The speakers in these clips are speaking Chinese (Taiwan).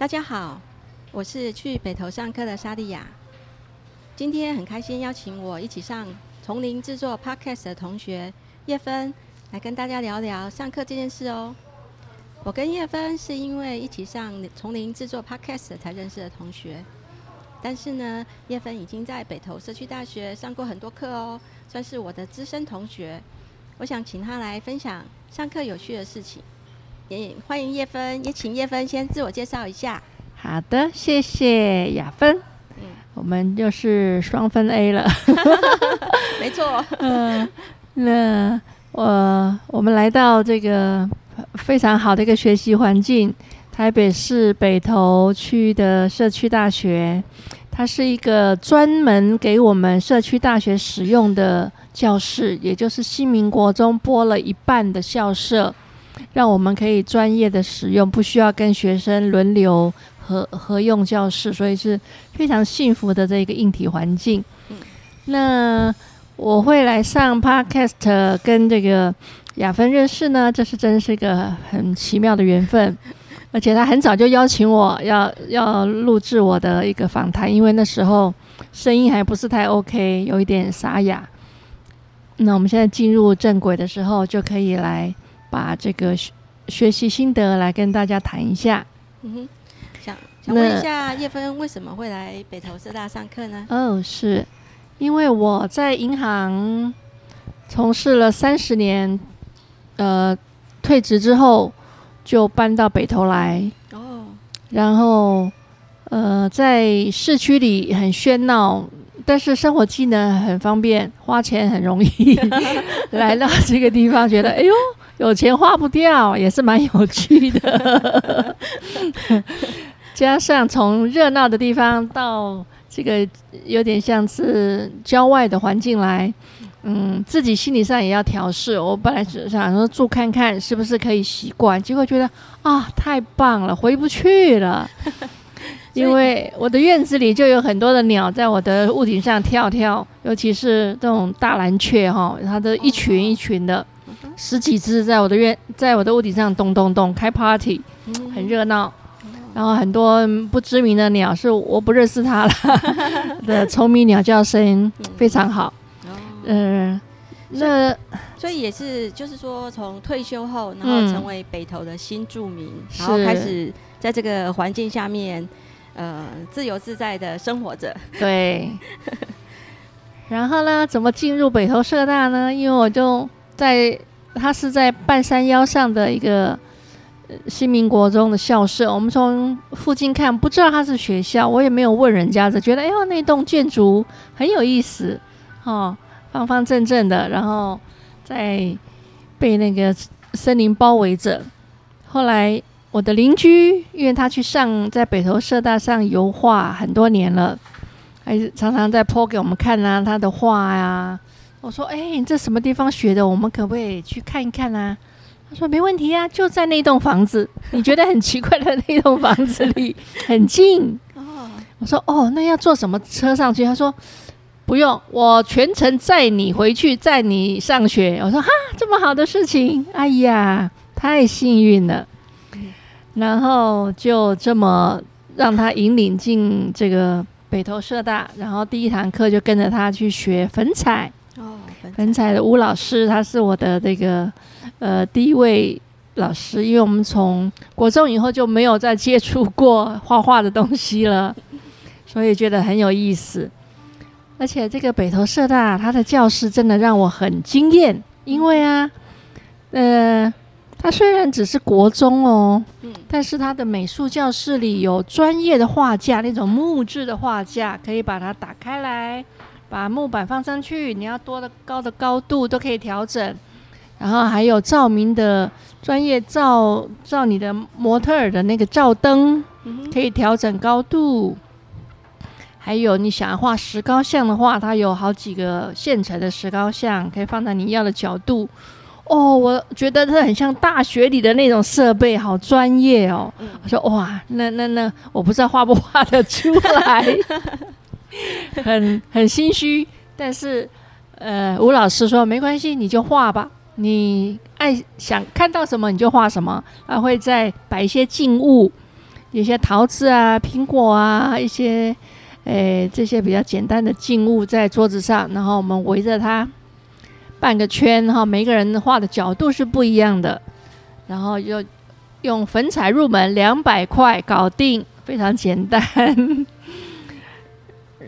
大家好，我是去北投上課的莎莉亞。今天很開心邀請我一起上從零製作 Podcast 的同學葉芬來跟大家聊聊上課這件事哦。我跟葉芬是因為一起上從零製作 Podcast 才認識的同學，但是呢，葉芬已經在北投社區大學上過很多課哦，算是我的資深同學。我想請他來分享上課有趣的事情。也歡迎葉芬，也請葉芬先自我介紹一下。好的，謝謝雅芬。嗯、我們就是雙分 A 了。 沒錯。嗯、呃，那我、呃、我們來到這個非常好的一個學習環境——台北市北投區的社區大學，它是一個專門給我們社區大學使用的教室，也就是新民國中撥了一半的校舍。讓我們可以專業的使用，不需要跟學生輪流合合用教室，所以是非常幸福的這一個硬體環境。嗯、那我會來上 Podcast，跟這個雅芬認識呢，這是真是一個很奇妙的緣分。而且他很早就邀請我要要錄制我的一個訪談，因為那時候聲音還不是太 OK，有一點沙啞。那我們現在進入正軌的時候，就可以來。把這個學學習心得來跟大家談一下。嗯哼，想想問一下那葉芬為什麼會來北投師大上課呢？哦，是因為我在銀行從事了三十年，呃，退職之後就搬到北投來。哦，然後呃，在市區裡很喧鬧，但是生活機能很方便，花錢很容易。 來到這個地方， 覺得哎呦。有錢花不掉也是蠻有趣的， 加上從熱鬧的地方到這個有點像是郊外的環境來，嗯，自己心理上也要調試。我本來是想說住看看是不是可以習慣，結果覺得啊太棒了，回不去了。因為我的院子裡就有很多的鳥在我的屋頂上跳跳，尤其是這種大藍雀哈，它的一群一群的。十幾隻在我的院，在我的屋頂上咚咚咚開 party，很熱鬧。然後很多不知名的鳥是我不認識它了、嗯、的，蟲鳴鳥叫聲、嗯、非常好。嗯，呃、所以那所以也是就是說，從退休後，然後成為北投的新住民，嗯、然後開始在這個環境下面，嗯、呃，自由自在地生活着。對。然後呢，怎麼進入北投社大呢？因為我就在。它是在半山腰上的一個新民國中的校舍，我們從附近看不知道它是學校，我也沒有問人家，就覺得哎呦那棟建築很有意思，哦，方方正正的，然後在被那個森林包圍着。後來我的鄰居，因為他去上在北投社大上油畫很多年了，還是常常在 po 給我們看啊他的畫呀、啊。我說：“哎、欸，你這什麼地方學的？我們可不可以去看一看啊？”他說：“沒問題呀、啊，就在那棟房子，你覺得很奇怪的那棟房子裡， 很近。” Oh. 我說：“哦，那要坐什麼車上去？”他說：“不用，我全程載你回去，載你上學。”我說：“哈，這麼好的事情，哎呀，太幸運了。” 然後就這麼讓他引領進這個北投社大，然後第一堂課就跟着他去學粉彩。很彩的吳老師，他是我的那、這個呃第一位老師，因為我們從國中以後就沒有再接觸過畫畫的東西了，所以覺得很有意思。而且這個北投社大，他的教室真的讓我很驚豔，因為啊，呃，他雖然只是國中哦，但是他的美術教室裡有專業的畫架，那種木質的畫架，可以把它打開來。把木板放上去，你要多的高的高度都可以調整，然後還有照明的專業照照你的模特兒的那個照燈，嗯、哼可以調整高度。還有你想要畫石膏像的話，它有好幾個現成的石膏像可以放在你要的角度。哦，我覺得它很像大學裡的那種設備，好專業哦。嗯、我說哇，那那那，我不知道畫不畫得出來。 很很心虛，但是，呃，吳老師說沒關係，你就畫吧，你愛想看到什麼你就畫什麼。他、啊、會再擺一些靜物，有些桃子啊、蘋果啊，一些，誒，這些比較簡單的靜物在桌子上，然後我們圍着它，半個圈哈，每個人畫的角度是不一樣的，然後就用粉彩入門兩百塊搞定，非常簡單。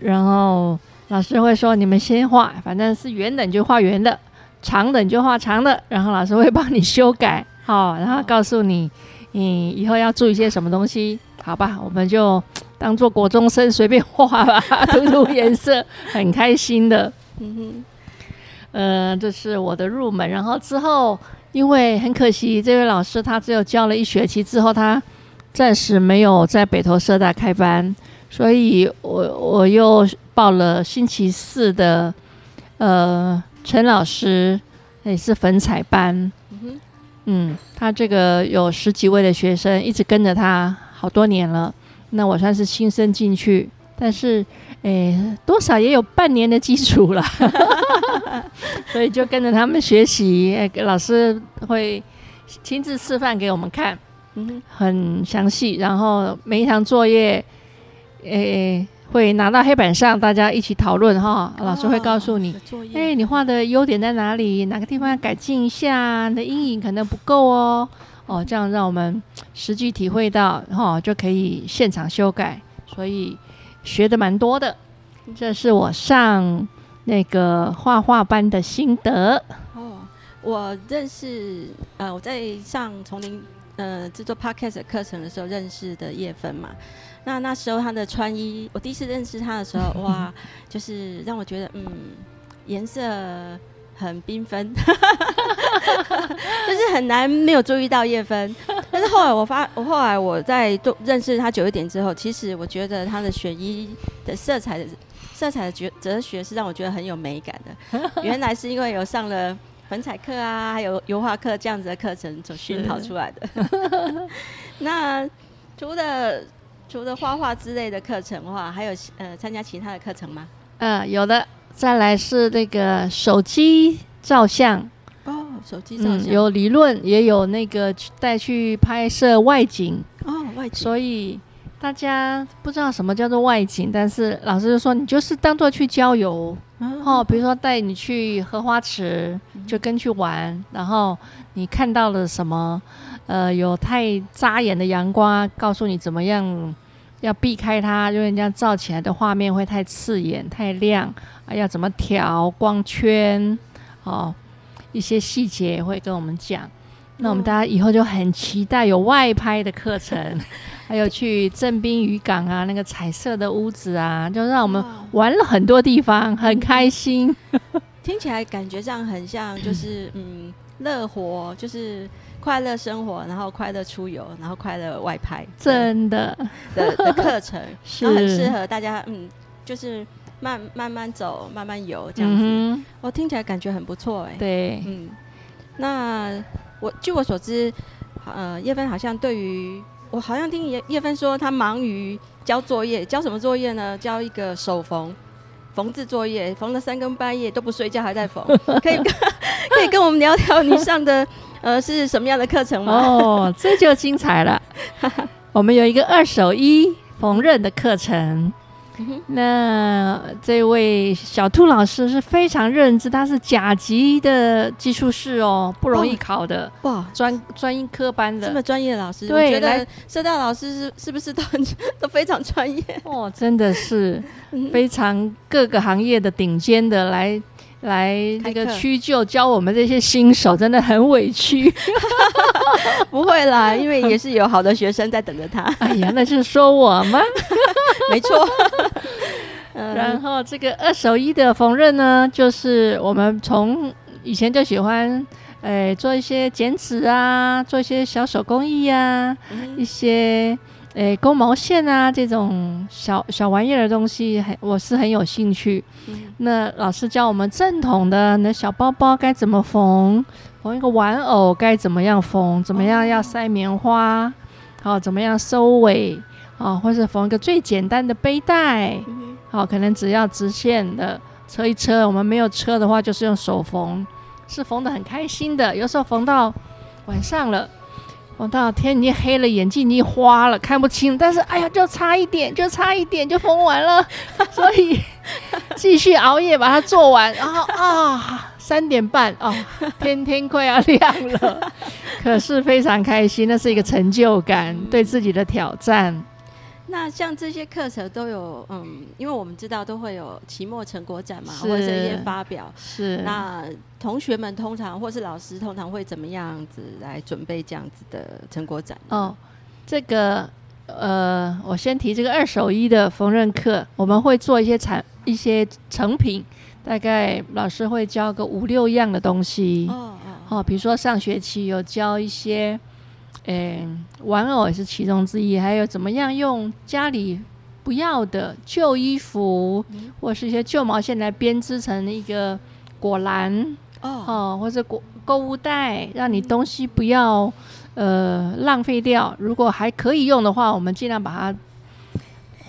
然後老師會說：“你們先畫，反正是圓的你就畫圓的，長的你就畫長的。”然後老師會幫你修改，好，oh, 然後告訴你你、oh. 嗯、以後要注意一些什麼東西。好吧，我們就當做國中生隨便畫吧，塗塗 顏色，很開心的。嗯嗯，這是我的入門。然後之後，因為很可惜，這位老師他只有教了一學期，之後他暫時沒有在北投社大開班。所以我，我我又報了星期四的，呃，陳老師也、欸、是粉彩班，嗯，他這個有十幾位的學生一直跟着他好多年了，那我算是新生進去，但是，哎、欸，多少也有半年的基礎了，哈哈哈！所以就跟着他們學習，哎、欸，老師會親自示範給我們看，嗯哼很詳細，然後每一堂作業。誒、欸欸，會拿到黑板上大家一起討論哈，哦哦，老師會告訴你，誒、欸，你畫的優點在哪裡？哪個地方要改進一下？你的陰影可能不夠哦，哦，這樣讓我們實際體會到，哈、哦，就可以現場修改，所以學的蠻多的。嗯、這是我上那個畫畫班的心得。哦，我認識，呃，我在上從零，呃，製作 Podcast 的課程的時候認識的葉芬嘛。那那時候他的穿衣，我第一次認識他的時候，哇，就是讓我覺得，嗯，顏色很繽紛， 就是很難沒有注意到葉芬。但是後來我發，我後來我在多認識他久一點之後，其實我覺得他的選衣的色彩的、色彩的哲哲學是讓我覺得很有美感的。原來是因為有上了粉彩課啊，還有油畫課這樣子的課程所燻陶出來的。是的 那除了除了畫畫之類的課程的話，還有呃參加其他的課程嗎？呃，有的。再來是那個手機照相。哦，手機照相、嗯。有理論，也有那個帶去拍攝外景。哦，外景。所以大家不知道什麼叫做外景，但是老師就說你就是當作去郊遊。哦、嗯嗯，然後比如說帶你去荷花池，就跟去玩，嗯、然後你看到了什麼？呃，有太紮眼的陽光，啊，告訴你怎麼樣要避開它，因為人家照起來的畫面會太刺眼、太亮。啊、要怎麼調光圈？哦，一些細節也會跟我們講。那我們大家以後就很期待有外拍的課程，哦、還有去正濱漁港啊， 那個彩色的屋子啊，就讓我們玩了很多地方，哇很開心。聽起來感覺上很像、就是 嗯，就是嗯，樂活就是。快樂生活，然後快樂出遊，然後快樂外拍，真的的的課程， 是然後很適合大家，嗯，就是慢慢慢走，慢慢遊這樣子。嗯、哼我聽起來感覺很不錯哎，欸，對，嗯。那我據我所知，呃，葉芬好像對於我好像聽葉葉芬說，她忙於交作業，交什麼作業呢？交一個手縫縫製作業，縫了三更半夜都不睡覺還在縫， 可以跟 可以跟我們聊聊你上的。 呃，是什麼樣的課程嗎？哦，這就精彩了。 我們有一個二手衣縫紉的課程。 那這位小兔老師是非常認真，他是甲級的技術士哦，不容易考的。哇，專專,專科班的這麼專業的老師，對我覺得社大來老師是是不是都很都非常專業？哦，真的是非常各個行業的頂尖的來。來，那個屈就教我們這些新手課真的很委屈， 不會啦，因為也是有好的學生在等着他。 哎呀，那是說我嗎？ 沒錯。 嗯、然後這個二手衣的縫紉呢，就是我們從以前就喜歡，哎，做一些剪紙啊，做一些小手工藝呀、啊，嗯、一些。誒，鈎、欸、毛線啊，這種小小玩意兒的東西，很我是很有興趣。嗯嗯，那老師教我們正統的那小包包該怎麼縫，縫一個玩偶該怎麼樣縫，怎麼樣要塞棉花，好、哦哦、怎麼樣收尾啊、哦，或是縫一個最簡單的背帶，好、嗯哼哦、可能只要直線的車一車，我們沒有車的話就是用手縫，是縫得很開心的，有時候縫到晚上了。哦、到天已經黑了，眼睛已經花了，看不清。但是，哎呀，就差一點，就差一點就縫完了。 所以繼續熬夜把它做完。然後啊，三點半哦，天天快要，啊，亮了， 可是非常開心，那是一個成就感，嗯，對自己的挑戰。那像這些課程都有，嗯，因為我們知道都會有期末成果展嘛，是或者一些發表。是。那同學們通常或是老師通常會怎麼樣子來準備這樣子的成果展？哦，這個，呃，我先提這個二手衣的縫紉課，我們會做一些產一些成品，大概老師會教個五六樣的東西。哦哦。哦，比如說上學期有教一些。嗯，玩偶也是其中之一。還有怎麼樣用家裡不要的舊衣服，嗯、或是一些舊毛線來編織成一個果籃哦，哦，或者購購物袋，讓你東西不要呃浪費掉。如果還可以用的話，我們盡量把它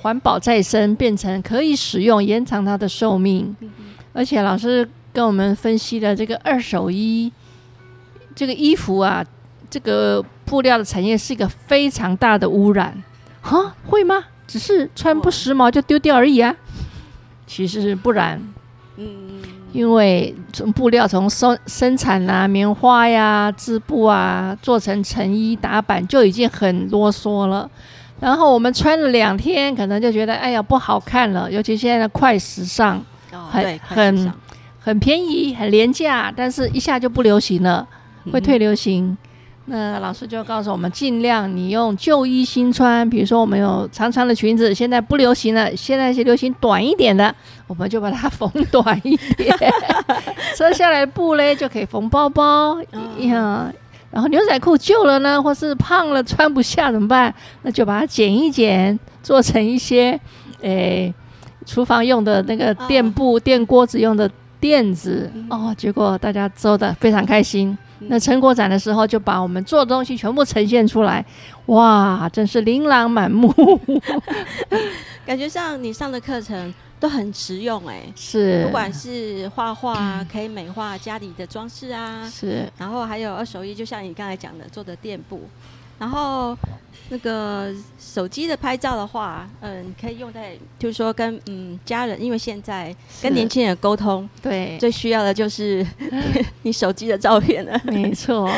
環保再生，變成可以使用，延長它的壽命。嗯、哼而且老師跟我們分析的這個二手衣，這個衣服啊，這個。布料的產業是一個非常大的污染。哈、啊？會嗎？只是穿不時髦就丟掉而已啊。其實是不然，嗯，因為從布料從生生產吶、啊，棉花呀，織布啊，做成成衣打版就已經很囉嗦了。然後我們穿了兩天，可能就覺得哎呀不好看了。尤其現在的快時尚，很、哦、對、快時尚，很很便宜，很廉價，但是一下就不流行了，會退流行。嗯那老師就告訴我們，儘量你用舊衣新穿。比如說，我們有長長的裙子，現在不流行了，現在是流行短一點的，我們就把它縫短一點，拆 下來的布嘞， 就可以縫包包呀。然後牛仔褲舊了呢，或是胖了穿不下怎麼辦？那就把它剪一剪，做成一些誒、呃，廚房用的那個墊布、墊 鍋子用的。墊子哦，結果大家做的非常開心。那成果展的時候，就把我們做的東西全部呈現出來，哇，真是琳琅滿目。 感覺像你上的課程都很實用哎、欸，是，不管是畫畫、啊嗯，可以美化家裡的裝飾啊，是，然後還有二手衣，就像你剛才講的做的墊布。然後那個手機的拍照的話，嗯、呃，可以用在就是說跟嗯家人，因為現在跟年輕人溝通，對，最需要的就是、嗯、 你手機的照片了。沒錯，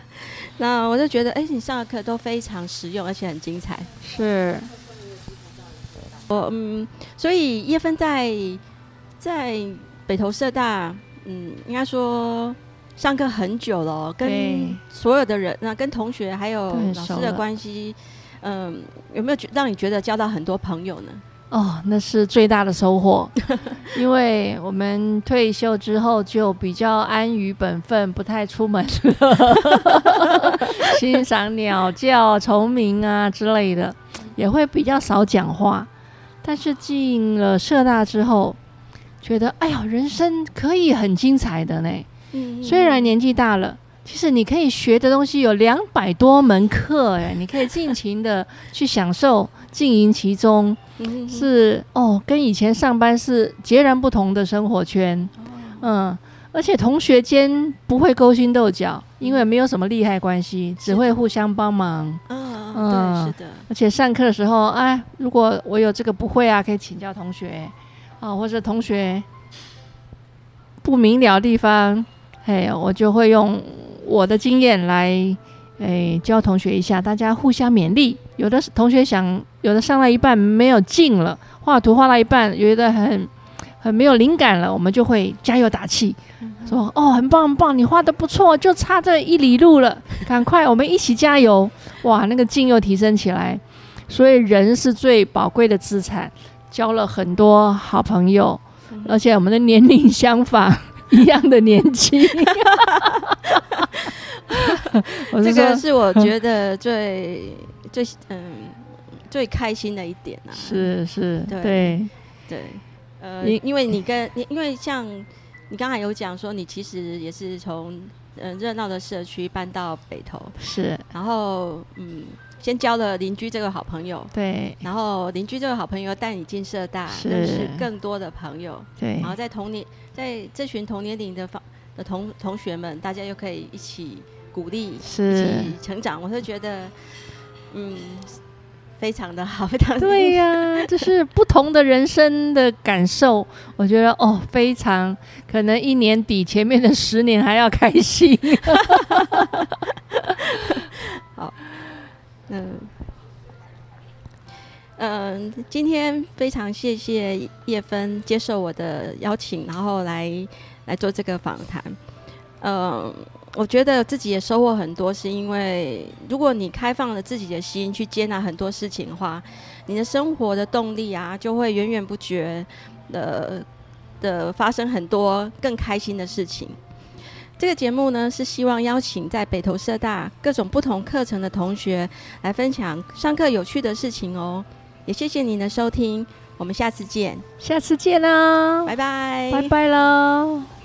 那我就覺得，哎、欸，你上的課都非常實用，而且很精彩。是，我嗯，所以葉芬在在北投社大，嗯，應該說。上課很久了，哦，跟所有的人，那對、啊、跟同學還有老師的關係，嗯，有沒有讓你覺得交到很多朋友呢？哦，那是最大的收穫， 因為我們退休之後就比較安於本分，不太出門， 欣賞鳥叫、蟲鳴啊之類的，也會比較少講話。但是進了社大之後，覺得哎呀，人生可以很精彩的呢。雖然年紀大了，其實你可以學的東西有兩百多門課哎，你可以盡情的去享受，經營 其中，是哦，跟以前上班是截然不同的生活圈，哦、嗯，而且同學間不會勾心鬥角，因為沒有什麼利害關係，的只會互相幫忙，哦、嗯，是的，而且上課的時候，啊、哎，如果我有這個不會啊，可以請教同學，啊、哦，或者同學不明了地方。哎，hey, 我就會用我的經驗來，哎、hey,，教同學一下，大家互相勉勵。有的同學想，有的上了一半沒有勁了，畫圖畫到一半覺得很很沒有靈感了，我們就會加油打氣，嗯、哼說：“哦，很棒很棒，你畫得不錯，就差這一里路了，趕快我們一起加油！” 哇，那個勁又提升起來。所以人是最寶貴的資產，交了很多好朋友，而且我們的年齡相仿。一樣的年紀 說，這個是我覺得最 最嗯最開心的一點啊！是是，對對，呃，因因為你跟因為像你剛才有講說，你其實也是從嗯熱鬧的社區搬到北投，是，然後嗯。先交了鄰居這個好朋友，對，然後鄰居這個好朋友帶你進社大，是認識更多的朋友，對，然後在同年，在這群同年齡的的同同學們，大家又可以一起鼓勵，是一起成長，我就覺得，嗯，非常的好，非常對呀、啊，這、就是不同的人生的感受， 我覺得哦，非常可能一年比前面的十年還要開心， 好。嗯，嗯，今天非常謝謝葉芬接受我的邀請，然後來來做這個訪談。嗯，我覺得自己也收穫很多，是因為如果你開放了自己的心，去接納很多事情的話，你的生活的動力啊，就會源源不絕的的發生很多更開心的事情。這個節目呢，是希望邀請在北投社大各種不同課程的同學來分享上課有趣的事情哦。也謝謝您的收聽，我們下次見，下次見啦！拜拜，拜拜嘍。